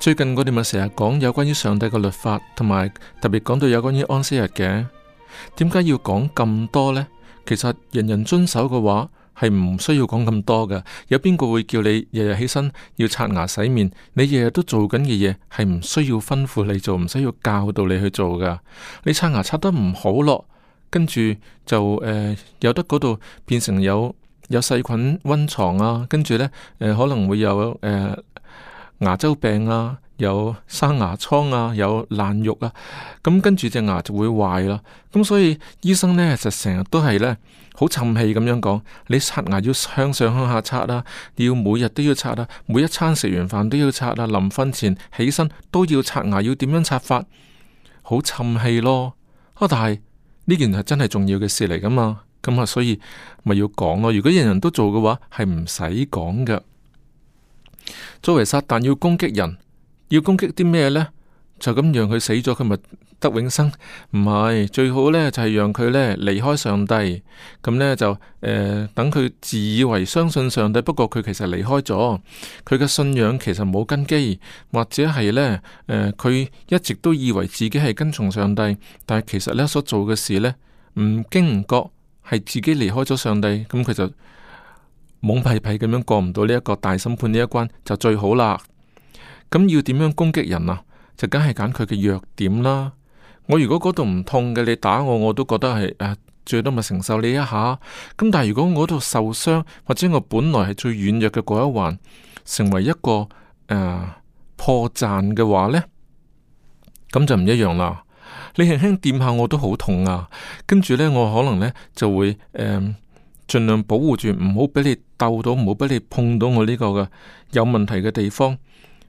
最近我哋咪成日講有關於上帝嘅律法，同埋特別講到有關於安息日嘅，點解要講咁多呢？其實人人遵守嘅話，係唔需要講咁多嘅。有邊個會叫你日日起身要刷牙洗面？你日日都做緊嘅嘢，係唔需要吩咐你做，唔需要教導你去做噶。你刷牙刷得唔好咯，跟住就誒、呃、有得嗰度變成有有細菌溫床啊，跟住呢，誒、呃、可能會有誒。呃牙周病啊，有生牙瘡啊，有爛肉啊，咁跟住隻牙就會壞啦。咁所以醫生呢，就成日都係呢，好沉氣咁樣講，你刷牙要向上向下刷啊，你要每日都要刷啊，每一餐食完飯都要刷啊，臨瞓前起身都要刷牙，要點樣刷法？好沉氣咯啊！但係呢件係真係重要嘅事嚟噶嘛，咁啊，所以咪要講咯。如果人人都做嘅話，係唔使講噶。作為撒旦要攻擊人，要攻擊啲咩呢？就咁讓佢死咗，佢咪得永生？唔係最好呢就係、是、讓佢呢離開上帝。咁呢，就誒、呃，等佢自以為相信上帝，不過佢其實離開咗，佢嘅信仰其實冇根基，或者係呢，誒、呃，佢一直都以為自己係跟從上帝，但係其實呢，所做嘅事呢，唔經唔覺係自己離開咗上帝，咁佢就。懵屁屁咁樣過唔到呢一個大審判呢一關就最好啦。咁要點樣攻擊人啊？就梗係揀佢嘅弱點啦。我如果嗰度唔痛嘅，你打我我都覺得係、呃、最多咪承受你一下。咁但係如果我度受傷，或者我本來係最軟弱嘅嗰一環，成為一個誒、呃、破綻嘅話呢，咁就唔一樣啦。你輕輕掂下我都好痛啊。跟住呢，我可能呢就會誒。呃盡量保護住，唔好俾你鬥到，唔好俾你碰到我呢個嘅有問題嘅地方。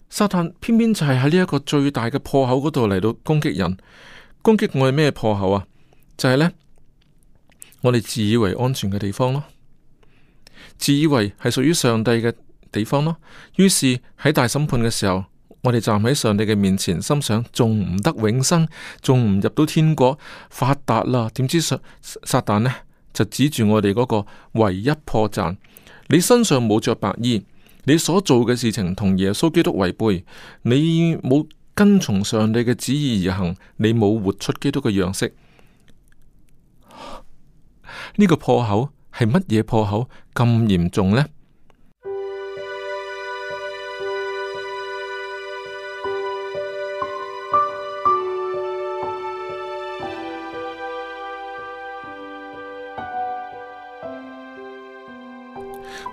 撒旦偏偏就係喺呢一個最大嘅破口嗰度嚟到攻擊人，攻擊我係咩破口啊？就係呢，我哋自以為安全嘅地方咯，自以為係屬於上帝嘅地方咯。於是喺大審判嘅時候，我哋站喺上帝嘅面前，心想仲唔得永生，仲唔入到天國發達啦？點知撒撒旦呢？」就指住我哋嗰個唯一破綻，你身上冇着白衣，你所做嘅事情同耶穌基督違背，你冇跟從上帝嘅旨意而行，你冇活出基督嘅樣式。呢個破口係乜嘢破口咁嚴重呢？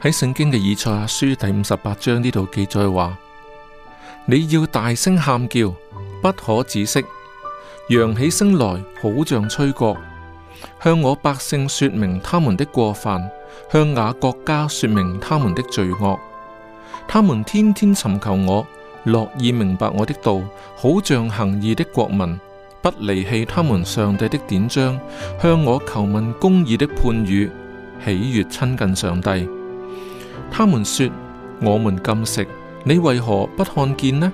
喺聖經嘅以賽亞書第五十八章呢度記載話：你要大聲喊叫，不可止息，揚起聲來，好像吹角，向我百姓說明他們的過犯，向雅各家說明他們的罪惡。他們天天尋求我，樂意明白我的道，好像行義的國民，不離棄他們上帝的典章，向我求問公義的判語，喜悅親近上帝。他們說：我們禁食，你為何不看見呢？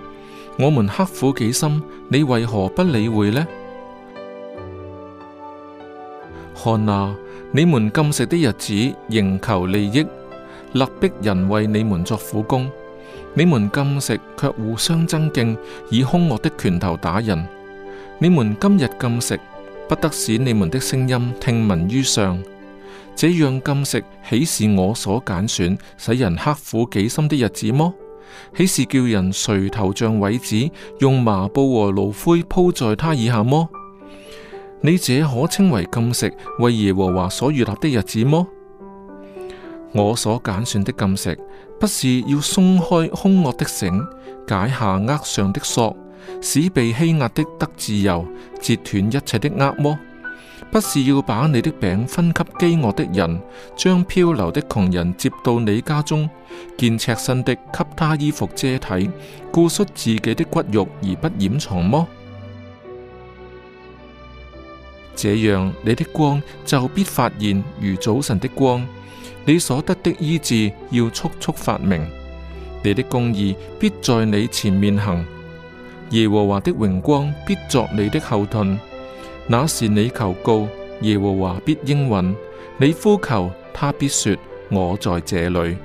我們刻苦己心，你為何不理會呢？看哪，你們禁食的日子，仍求利益，勒逼人為你們作苦工。你們禁食，卻互相爭競，以凶惡的拳頭打人。你們今日禁食，不得使你們的聲音聽聞於上。這樣禁食，豈是我所揀選使人刻苦己心的日子麼？豈是叫人垂頭像葦子，用麻布和爐灰鋪在他以下麼？你這可稱為禁食，為耶和華所預立的日子麼？我所揀選的禁食，不是要鬆開凶惡的繩，解下厄上的索，使被欺壓的得自由，截斷一切的厄麼？不是要把你的餅分給飢餓的人，將漂流的窮人接到你家中，見赤身的給他衣服遮體，顧恤自己的骨肉而不掩藏麼？這樣你的光就必發現如早晨的光，你所得的醫治要速速發明，你的公義必在你前面行，耶和華的榮光必作你的後盾。那時你求告，耶和華必應允；你呼求，他必說：我在這裏。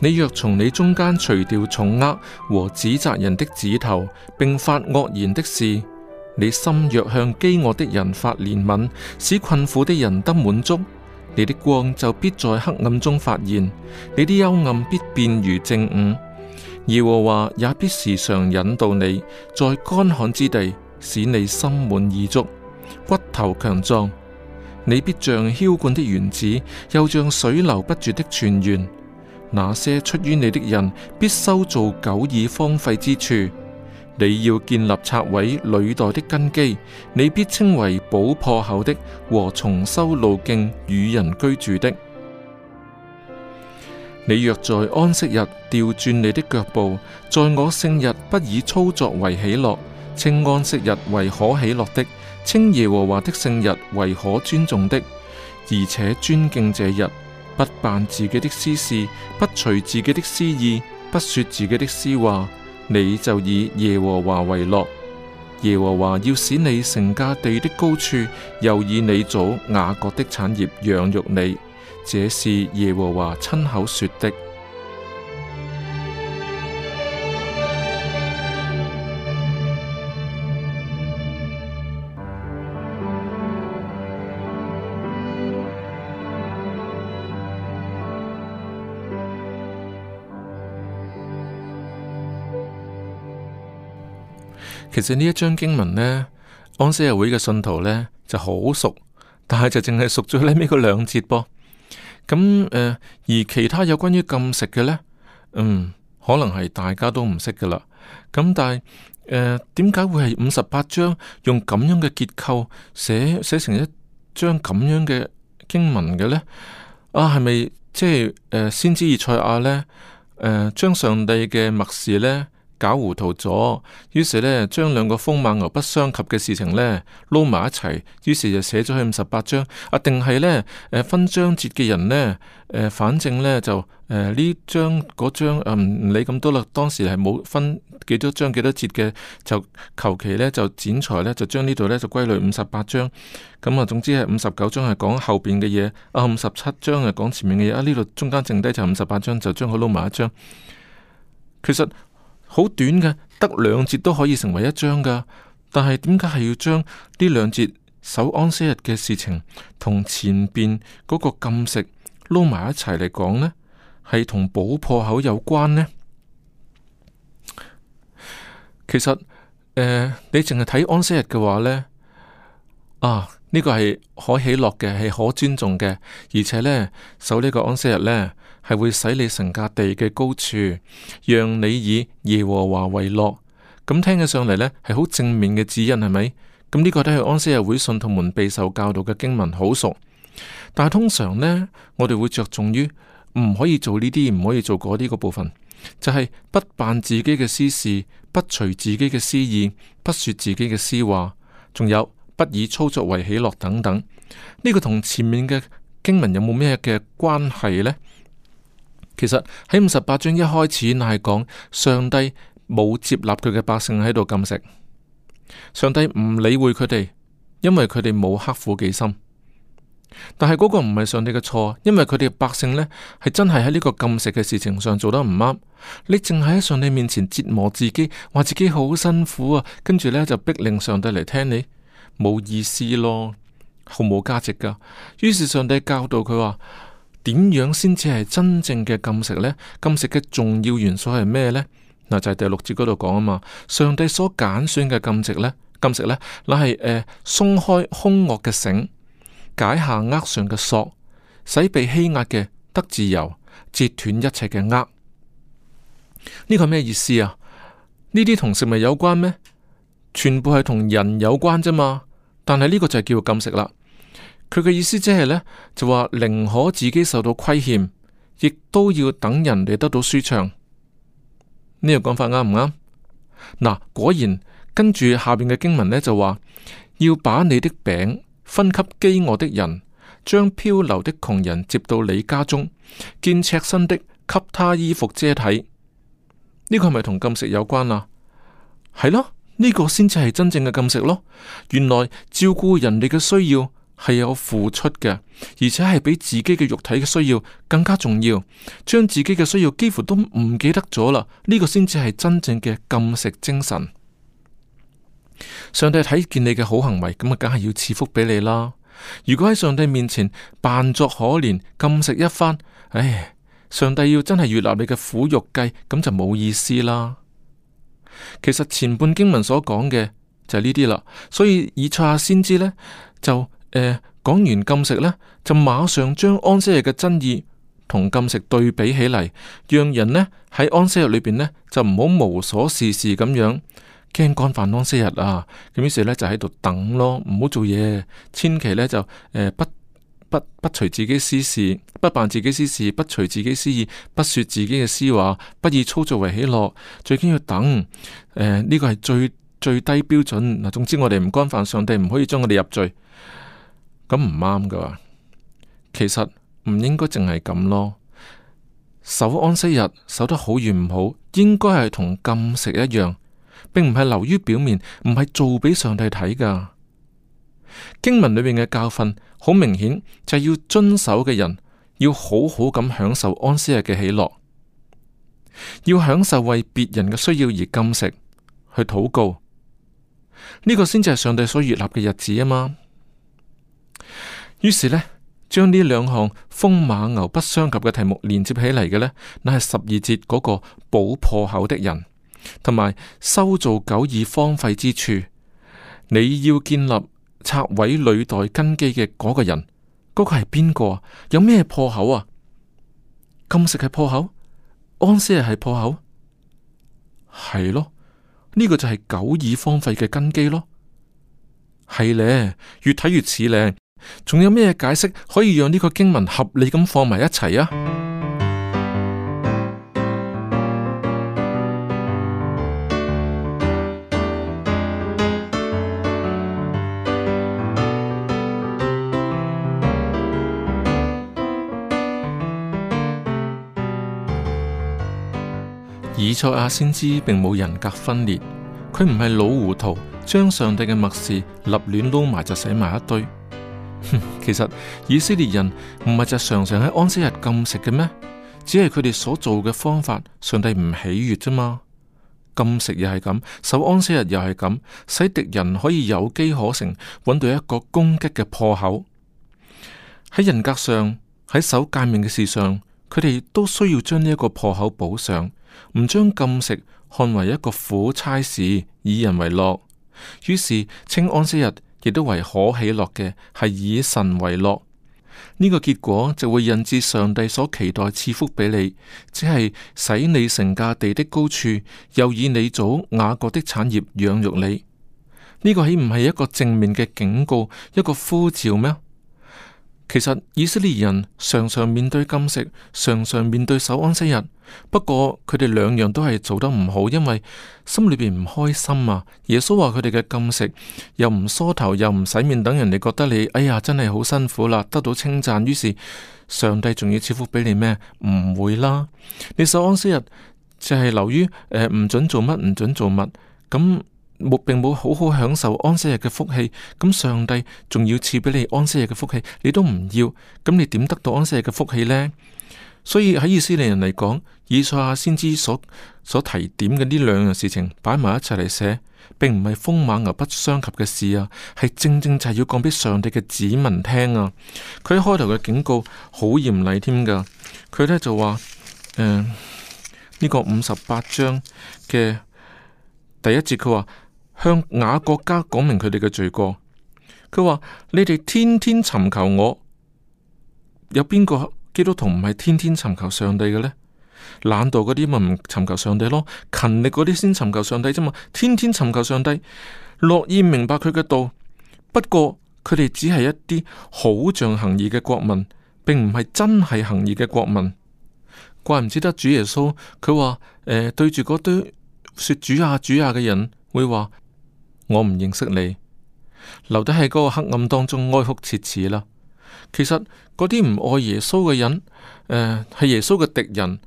你若從你中間除掉重軛和指責人的指頭，並發惡言的事，你心若向飢餓的人發憐憫，使困苦的人得滿足，你的光就必在黑暗中發現，你的幽暗必變如正午。耶和華也必時常引導你，在乾旱之地使你心滿意足，骨頭強壯。你必像澆灌的園子，又像水流不絕的泉源。那些出於你的人，必修造久已荒廢之處。你要建立拆毀、累代的根基，你必稱為補破口的和重修路徑與人居住的。你若在安息日掉轉你的腳步，在我聖日不以操作為喜樂，稱安息日為可喜樂的，稱耶和華的聖日為可尊重的，而且尊敬這日，不辦自己的私事，不隨自己的私意，不說自己的私話，你就以耶和華為樂。耶和華要使你成家地的高處，又以你祖雅各的產業養育你。這是耶和華親口說的。其實呢一章經文呢，安息日會嘅信徒呢就好熟，但係就淨係熟咗呢尾嗰兩節噃。咁誒、呃，而其他有關於禁食嘅咧，嗯，可能係大家都唔識噶啦。咁但係誒，點、呃、解會係五十八章用咁樣嘅結構寫寫成一章咁樣嘅經文嘅咧？啊，係咪即係誒、呃、先知以賽亞咧？誒、呃，將上帝嘅默示咧？搞糊塗咗，於是呢，將兩個風馬牛不相及嘅事情呢撈埋一齊，於是就寫咗去五十八章。啊，定係呢，誒、呃、分章節嘅人呢，誒、呃、反正呢，就誒呢章嗰章啊唔理咁多啦。當時係冇分幾多章幾多節嘅，就求其呢，就剪裁呢，就將呢度呢，就歸類五十八章。咁、嗯、啊，總之係五十九章係講後邊嘅嘢，啊五十七章係講前面嘅嘢。啊呢度中間剩低就五十八章，就將佢撈埋一章。其實。好短嘅，得兩節都可以成為一章噶。但係點解係要將呢兩節守安息日嘅事情同前邊嗰個禁食撈埋一齊嚟講呢？係同補破口有關呢？其實，呃，你淨係睇安息日嘅話呢。啊。呢個係可喜樂嘅，係可尊重嘅，而且呢，守呢個安息日呢，係會使你乘駕地嘅高處，讓你以耶和華為樂。咁聽起上嚟呢，係好正面嘅指引，係咪？咁呢個都係安息日會信徒們備受教導嘅經文，好熟。但係通常呢，我哋會着重於唔可以做呢啲，唔可以做嗰啲。個部分就係、是、不辦自己嘅私事，不隨自己嘅私意，不說自己嘅私話。仲有不以操作為喜樂等等，呢個同前面嘅經文有冇咩嘅關係呢？其實喺五十八章一開始，係講上帝冇接納佢嘅百姓喺度禁食，上帝唔理會佢哋，因為佢哋冇刻苦己心。但係嗰個唔係上帝嘅錯，因為佢哋百姓呢係真係喺呢個禁食嘅事情上做得唔啱，你淨係喺上帝面前折磨自己，話自己好辛苦啊，跟住呢，就逼令上帝嚟聽你。冇意思咯，毫無價值噶。於是上帝教導佢話：「點樣先至係真正嘅禁食呢？禁食嘅重要元素係咩呢？」嗱，就係第六節嗰度講啊嘛。上帝所揀選嘅禁食呢？禁食呢，乃係誒鬆開兇惡嘅繩，解下扼上嘅索，使被欺壓嘅得自由，截斷一切嘅扼。呢個咩意思啊？呢啲同食物有關咩？全部係同人有關啫嘛，但係呢個就係叫禁食啦。佢嘅意思即係呢，就話寧可自己受到虧欠，亦都要等人哋得到舒暢。呢個講法啱唔啱？嗱，果然跟住下邊嘅經文呢，就話，要把你的餅分給饑餓的人，將漂流的窮人接到你家中，見赤身的給他衣服遮體。呢個係咪同禁食有關啊？係咯。呢個先至係真正嘅禁食咯，原來照顧人哋嘅需要係有付出嘅，而且係比自己嘅肉體嘅需要更加重要。將自己嘅需要幾乎都唔記得咗啦，呢個先至係真正嘅禁食精神。上帝睇見你嘅好行為，咁啊，梗係要賜福俾你啦。如果喺上帝面前扮作可憐禁食一番，唉，上帝要真係悅納你嘅苦肉計，咁就冇意思啦。其實前半經文所講嘅就係呢啲啦，所以以賽亞先知呢，就誒講、呃、完禁食呢，就馬上將安息日嘅真意同禁食對比起嚟，讓人呢喺安息日裏邊呢，就唔好無所事事咁樣，驚干犯安息日啊，咁於是呢，就喺度等咯，唔好做嘢，千祈呢，就誒不。呃不不隨自己私事，不辦自己私事，不隨自己私意，不說自己嘅私話，不以操作為喜樂，最緊要等。呢、呃呢個係最最低標準。嗱，總之我哋唔干犯上帝，唔可以將我哋入罪，咁唔啱噶。其實唔應該淨係咁咯。守安息日守得好與唔好，應該係同禁食一樣，並唔係留於表面，唔係做俾上帝睇噶。經文裏面嘅教訓好明顯，就係要遵守嘅人要好好咁享受安息日嘅喜樂，要享受為別人嘅需要而禁食去禱告，呢個先至係上帝所設立嘅日子啊嘛。於是呢，將呢兩項風馬牛不相及嘅題目連接起嚟嘅呢，乃係十二節嗰個補破口的人，同埋修造久已荒廢之處，你要建立。拆毀歷代根基嘅嗰個人，嗰、嗰個係邊個？有咩破口啊？金石係破口，安息係破口，係咯？呢、呢個就係久已荒廢嘅根基咯。係呢，越睇越似呢。仲有咩解釋可以讓呢個經文合理咁放埋一齊啊？以賽亞先知並冇人格分裂，佢唔係老糊塗，將上帝嘅默示立亂撈埋就寫埋一堆。 其實以色列人唔係就常常喺安息日禁食嘅咩？只係佢哋所做嘅方法，上帝唔喜悅啫嘛。禁食又係咁，守安息日又係咁，使敵人可以有機可乘，揾到一個攻擊嘅破口。喺人格上，喺守誡命嘅事上，佢哋都需要將呢一個破口補上。唔將禁食看為一個苦差事，以人為樂，於是清安息日亦都為可喜樂嘅，係以神為樂呢個結果，就會引致上帝所期待賜福俾你，只係使你成架地的高處，又以你祖雅各的產業養育你，呢個豈唔係一個正面嘅警告，一個呼召咩？其實以色列人常常面對禁食，常常面對守安息日。不過佢哋兩樣都係做得唔好，因為心裏邊唔開心啊。耶穌話佢哋嘅禁食又唔梳頭，又唔洗面，等人哋覺得你哎呀真係好辛苦啦，得到稱讚。於是上帝仲要賜福俾你咩？唔會啦。你守安息日就係流於誒，呃，唔准做乜，唔准做乜咁。冇並冇好好享受安息日嘅福氣，咁上帝仲要賜俾你安息日嘅福氣，你都唔要，咁你點得到安息日嘅福氣呢？所以喺以色列人嚟講，以賽亞先知所所提點嘅呢兩樣事情擺埋一齊嚟寫，並唔係風馬牛不相及嘅事啊，係正正就係要講俾上帝嘅子民聽啊。佢喺開頭嘅警告好嚴厲添噶，佢呢就話：，呃，呢個五十八章嘅第一節佢話。向雅各家講明佢哋嘅罪過，佢話：你哋天天尋求我，有邊個基督徒唔係天天尋求上帝嘅呢？懶惰嗰啲咪唔尋求上帝咯？勤力嗰啲先尋求上帝啫嘛！天天尋求上帝，樂意明白佢嘅道。不過佢哋只係一啲好像行義嘅國民，並唔係真係行義嘅國民。怪唔知得主耶穌佢話：誒、欸，對住嗰堆說主啊主啊嘅人會，會話。我唔認識你，留低喺嗰個黑暗當中哀哭切齒啦。其實嗰啲唔愛耶穌嘅人，誒、呃，係耶穌嘅敵人，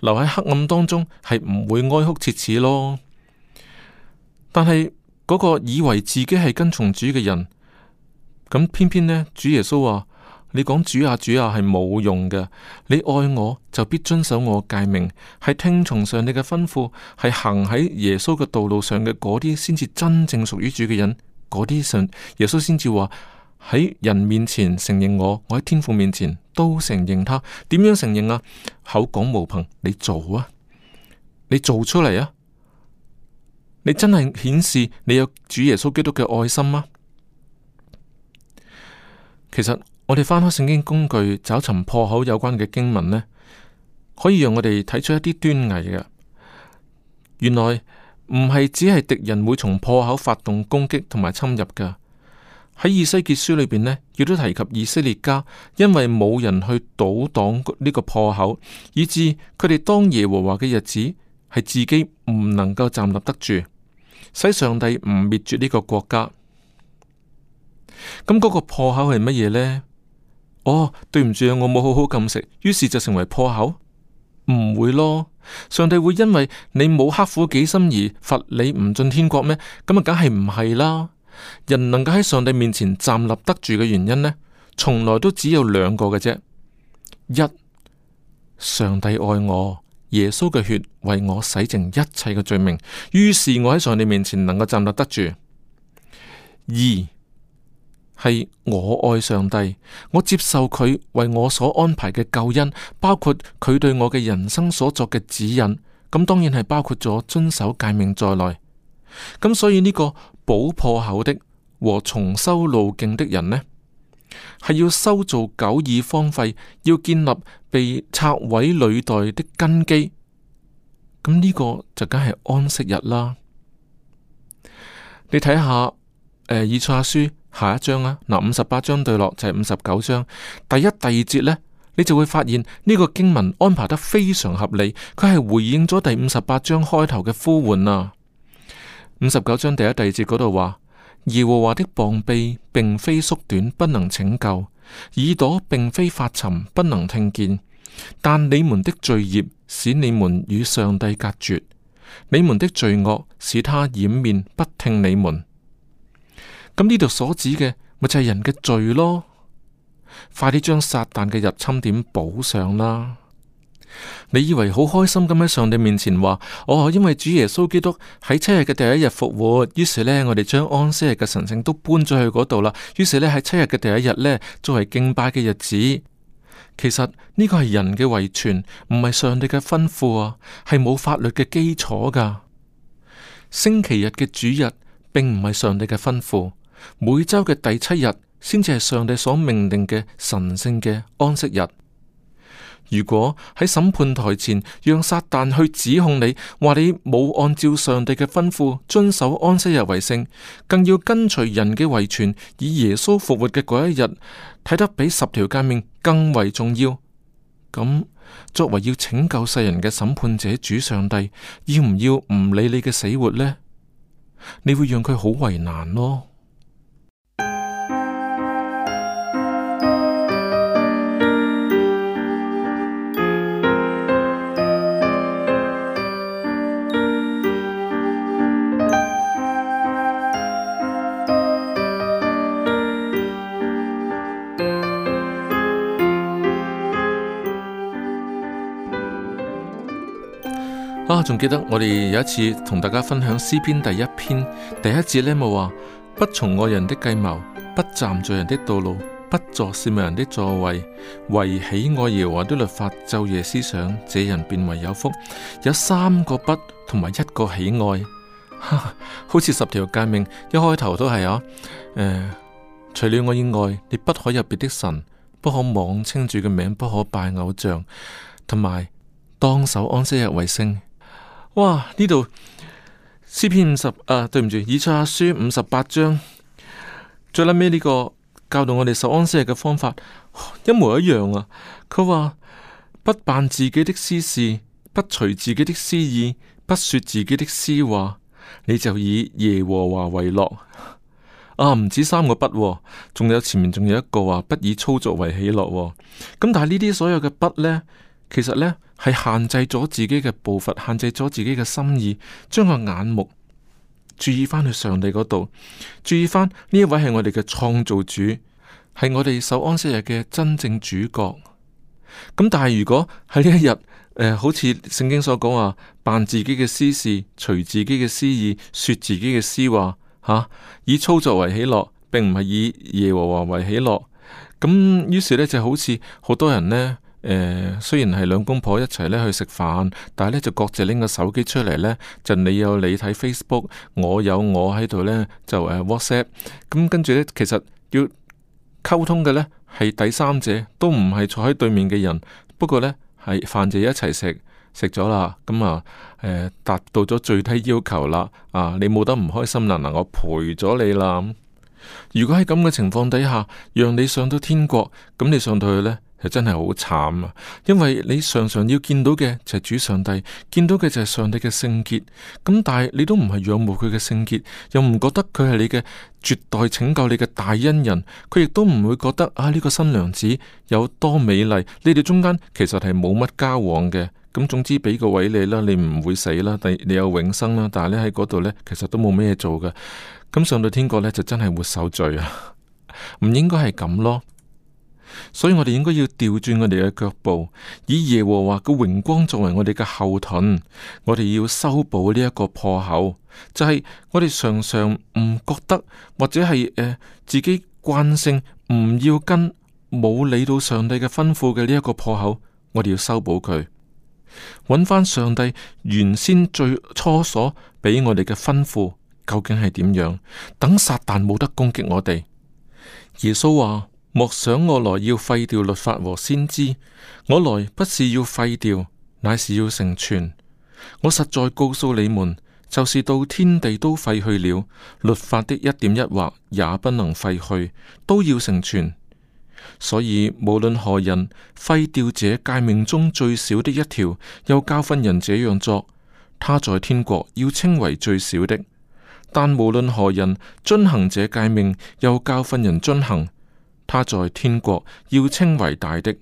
留喺黑暗當中係唔會哀哭切齒咯。但係嗰、嗰個以為自己係跟從主嘅人，咁偏偏呢主耶穌話。你講主啊主啊係冇用嘅，你愛我就必遵守我嘅誡命，係聽從上帝嘅吩咐，係行喺耶穌嘅道路上嘅嗰啲，先至真正屬於主嘅人。嗰啲信耶穌先至話，喺人面前承認我，我喺天父面前都承認他。點樣承認啊？口講無憑，你做啊，你做出嚟啊，你真係顯示你有主耶穌基督嘅愛心嗎？其實我哋翻開聖經工具，找尋破口有關嘅經文呢，可以讓我哋睇出一啲端倪嘅。原來唔係只係敵人會從破口發動攻擊同埋侵入嘅。喺以西結書裏邊呢，亦都提及以色列家因為冇人去堵擋呢個破口，以致佢哋當耶和華嘅日子係自己唔能夠站立得住，使上帝唔滅絕呢個國家。咁嗰個破口係乜嘢呢？哦，對唔住啊，我冇好好禁食，於是就成為破口，唔會咯。上帝會因為你冇刻苦己心而罰你唔進天國咩？咁、嗯、啊，梗係唔係啦。人能夠喺上帝面前站立得住嘅原因呢，從來都只有兩個嘅啫。一，上帝愛我，耶穌嘅血為我洗淨一切嘅罪名，於是我喺上帝面前能夠站立得住。二。係我愛上帝，我接受佢為我所安排嘅救恩，包括佢對我嘅人生所作嘅指引。咁當然係包括咗遵守誡命在內。咁所以呢個補破口的和重修路徑的人呢，係要修造久已荒廢，要建立被拆毀累代的根基。咁呢個就梗係安息日啦。你睇下，誒、呃，以賽亞書。下一章啊，嗱五十八章對落就係五十九章第一、第二節呢，你就會發現呢個經文安排得非常合理，佢係回應咗第五十八章開頭嘅呼喚啊。五十九章第一、第二節嗰度話：耶和華的膀臂並非縮短，不能拯救；耳朵並非發沉，不能聽見。但你們的罪孽使你們與上帝隔絕，你們的罪惡使他掩面不聽你們。咁呢度所指嘅咪就係人嘅罪咯。快啲將撒旦嘅入侵點補上啦！你以為好開心咁喺上帝面前話：哦，因為主耶穌基督喺七日嘅第一日復活，於是呢，我哋將安息日嘅神聖都搬咗去嗰度啦。於是呢，喺七日嘅第一日呢，作為敬拜嘅日子，其實呢個係人嘅遺傳，唔係上帝嘅吩咐啊，係冇法律嘅基礎噶。星期日嘅主日並唔係上帝嘅吩咐。每周嘅第七日先至係上帝所命令嘅神聖嘅安息日。如果喺審判台前讓撒旦去指控你，話你冇按照上帝嘅吩咐遵守安息日為聖，更要跟隨人嘅遺傳，以耶穌復活嘅嗰一日睇得比十條誡命更為重要，咁作為要拯救世人嘅審判者主上帝，要唔要唔理你嘅死活呢？你會讓佢好為難咯。仲記得我哋有一次同大家分享《詩篇》第一篇第一節呢，冇話 不從惡人的計謀，不站罪人的道路，不坐褻慢人的座位，為喜愛耶和華的律法晝夜思想，這人便為有福。有三個不，同埋一個喜愛， 好似十條誡命，一開頭都係啊。誒、呃，除了我以外，你不可入別的神，不可妄稱主嘅名，不可拜偶像，同埋當守安息日為聖。哇！呢度《詩篇五十》啊，對唔住，《以賽亞書》五十八章，最 last 尾呢個教導我哋受安息嘅方法一模一樣啊！佢話不辦自己的私事，不隨自己的私意，不說自己的私話，你就以耶和華為樂。啊，唔止三個不，啊，仲有前面仲有一個話不以操作為喜樂，啊。咁但係呢啲所有嘅不呢。其實呢，係限制咗自己嘅步伐，限制咗自己嘅心意，將個眼目注意返去上帝嗰度，注意返呢一位係我哋嘅創造主，係我哋守安息日嘅真正主角。咁但係如果喺呢一日，呃、好似聖經所講話，辦自己嘅私事，隨自己嘅私意，說自己嘅私話，吓、啊、以操作為喜樂，並唔係以耶和華為喜樂。咁於是呢，就好似好多人呢。誒、呃，雖然係兩公婆一齊咧去食飯，但係咧就各自拎個手機出嚟咧，就你有你睇 Facebook，我有我喺度咧就誒、呃、WhatsApp、嗯。咁跟住咧，其實要溝通嘅咧係第三者，都唔係坐喺對面嘅人。不過咧係飯就一齊食食咗啦，咁啊誒達到咗最低要求啦。啊，你冇得唔開心啦，嗱我陪咗你啦。如果喺咁嘅情況底下，讓你上到天國，咁你上到去咧？係真係好慘啊！因為你常常要見到嘅就係主上帝，見到嘅就係上帝嘅聖潔，咁但係你都唔係仰慕佢嘅聖潔，又唔覺得佢係你嘅絕代拯救你嘅大恩人，佢亦都唔會覺得啊呢個新娘子有多美麗，你哋中間其實係冇乜交往嘅，咁總之俾個位你啦，你唔會死啦，你你有永生啦，但係你喺嗰度呢，其實都冇咩做嘅，咁上到天國呢，就真係活受罪啊，唔 應該係咁咯。所以我哋應該要調轉我哋嘅腳步，以耶和華嘅榮光作為我哋嘅後盾。我哋要修補呢一個破口，就係、是、我哋常常唔覺得，或者係誒、呃、自己慣性唔要跟冇理到上帝嘅吩咐嘅呢一個破口，我哋要修補佢，揾返上帝原先最初所俾我哋嘅吩咐，究竟係點樣？等撒旦冇得攻擊我哋。耶穌話。莫想我來要廢掉律法和先知，我來不是要廢掉，乃是要成全。我實在告訴你們，就是到天地都廢去了，律法的一點一畫也不能廢去，都要成全。所以無論何人廢掉這誡命中最小的一條，又教訓人這樣做，他在天國要稱為最小的；但無論何人遵行這誡命，又教訓人遵行。他在天國要稱為大的。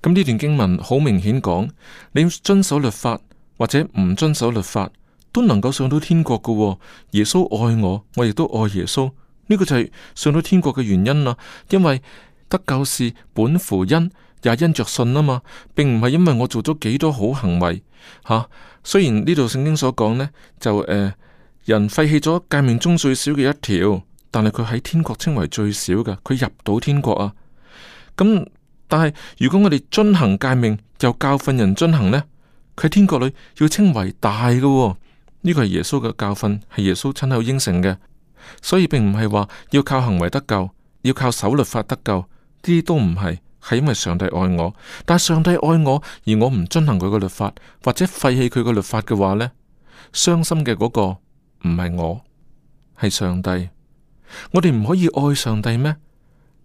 咁呢段經文好明顯講，你遵守律法或者唔遵守律法都能夠上到天國㗎喎。耶穌愛我，我亦都愛耶穌。呢個就係上到天國嘅原因啦。因為得救是本乎恩，也因着信啊嘛，並唔係因為我做咗幾多好行為吓。雖然呢度聖經所講呢，就誒、呃、人廢棄咗誡命中最小嘅一條。但係佢喺天國稱為最小嘅，佢入到天國啊。咁但係如果我哋遵行誡命，又教訓人遵行呢？佢天國裏要稱為大嘅，哦。呢、這個係耶穌嘅教訓，係耶穌親口應承嘅。所以並唔係話要靠行為得救，要靠守律法得救，呢啲都唔係。係因為上帝愛我，但係上帝愛我而我唔遵行佢嘅律法，或者廢棄佢嘅律法嘅話呢，傷心嘅嗰個唔係我，係上帝。我哋唔可以愛上帝咩？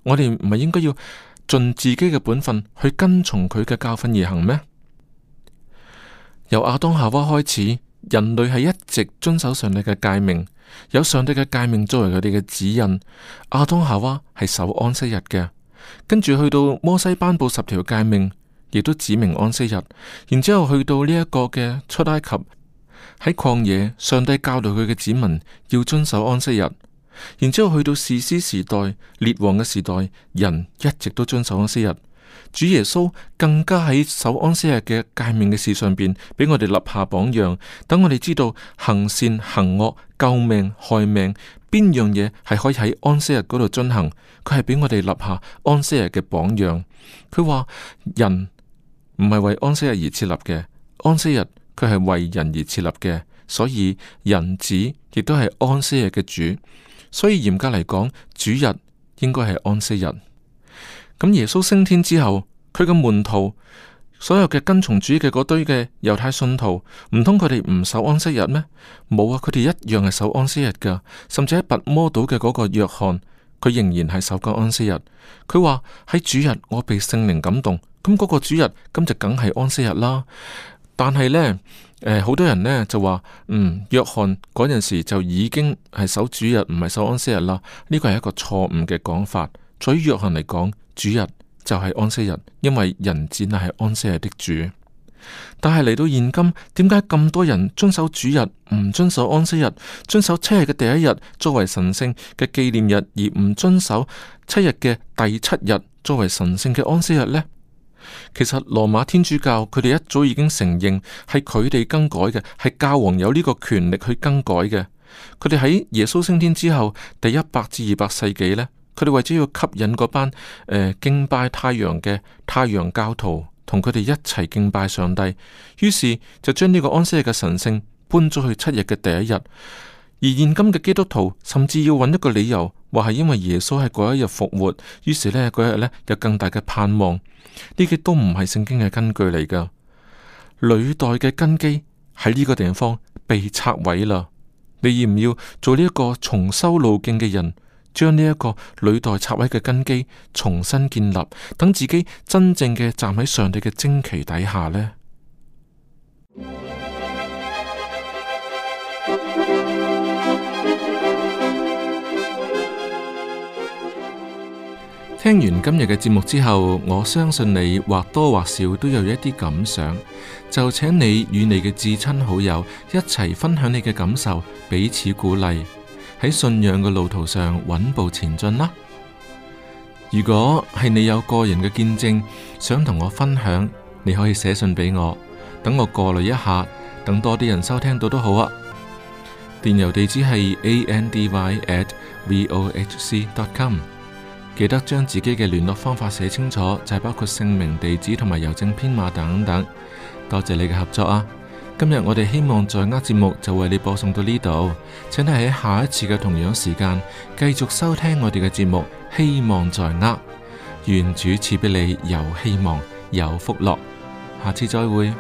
我哋唔係應該要盡自己嘅本分去跟從佢嘅教訓而行咩？由亞當夏娃開始，人類係一直遵守上帝嘅誡命，有上帝嘅誡命作為佢哋嘅指引。亞當夏娃係守安息日嘅，跟住去到摩西頒布十條誡命，亦都指明安息日。然之後去到呢一個嘅出埃及，喺曠野，上帝教導佢嘅子民要遵守安息日。然之後去到士師時代、列王嘅時代，人一直都遵守安息日。主耶穌更加喺守安息日嘅誡命嘅事上面，俾我哋立下榜樣。等我哋知道行善、行惡、救命、害命，邊樣嘢係可以喺安息日嗰度進行。佢係俾我哋立下安息日嘅榜樣。佢話人唔係為安息日而設立嘅，安息日佢係為人而設立嘅，所以人子亦都係安息日嘅主。所以嚴格嚟講，主日應該係安息日。咁耶穌升天之後，佢嘅門徒，所有嘅跟從主嘅嗰堆嘅猶太信徒，唔通佢哋唔守安息日咩？冇啊，佢哋一樣係守安息日噶。甚至喺拔摩島嘅嗰個約翰，佢仍然係守緊安息日。佢話喺主日我被聖靈感動，咁嗰個主日咁就梗係安息日啦。但係呢。好多人呢就話，嗯，約翰嗰陣時就已經係守主日，唔係守安息日啦。呢個係一個錯誤嘅講法。對於約翰嚟講，主日就係安息日，因為人子係安息日的主。但係嚟到現今，點解咁多人遵守主日，唔遵守安息日，遵守七日嘅第一日作為神聖嘅紀念日，而唔遵守七日嘅第七日作為神聖嘅安息日呢？其實羅馬天主教佢哋一早已經承認係佢哋更改嘅，係教皇有呢個權力去更改嘅。佢哋喺耶穌升天之後，第一百至二百世紀呢，佢哋為咗要吸引嗰班誒、呃、敬拜太陽嘅太陽教徒同佢哋一齊敬拜上帝，於是就將呢個安息日嘅神聖搬咗去七日嘅第一日。而現今嘅基督徒甚至要揾一個理由。話係因為耶穌係嗰一日復活，於是呢，嗰日呢，有更大嘅盼望。呢啲都唔係聖經嘅根據嚟噶，累代嘅根基喺呢個地方被拆毀啦。你要唔要做呢一個重修路徑嘅人，將呢一個累代拆毀嘅根基重新建立，等自己真正嘅站喺上帝嘅旌旗底下呢？聽完今日嘅節目之後，我相信你或多或少都有一啲感想，就請你與你嘅至親好友一齊分享你嘅感受，彼此鼓勵，喺信仰嘅路途上穩步前進啦。如果係你有個人嘅見證想同我分享，你可以寫信俾我，等我過濾一下，等多啲人收聽到都好啊。電郵地址係 andy@vohc.com。記得將自己嘅聯絡方法寫清楚，就係、是、包括姓名、地址同埋郵政編碼等等。多謝你嘅合作啊！今日我哋希望在握節目就為你播送到呢度，請你喺下一次嘅同樣時間繼續收聽我哋嘅節目。希望在握，願主賜俾你有希望有福樂。下次再會。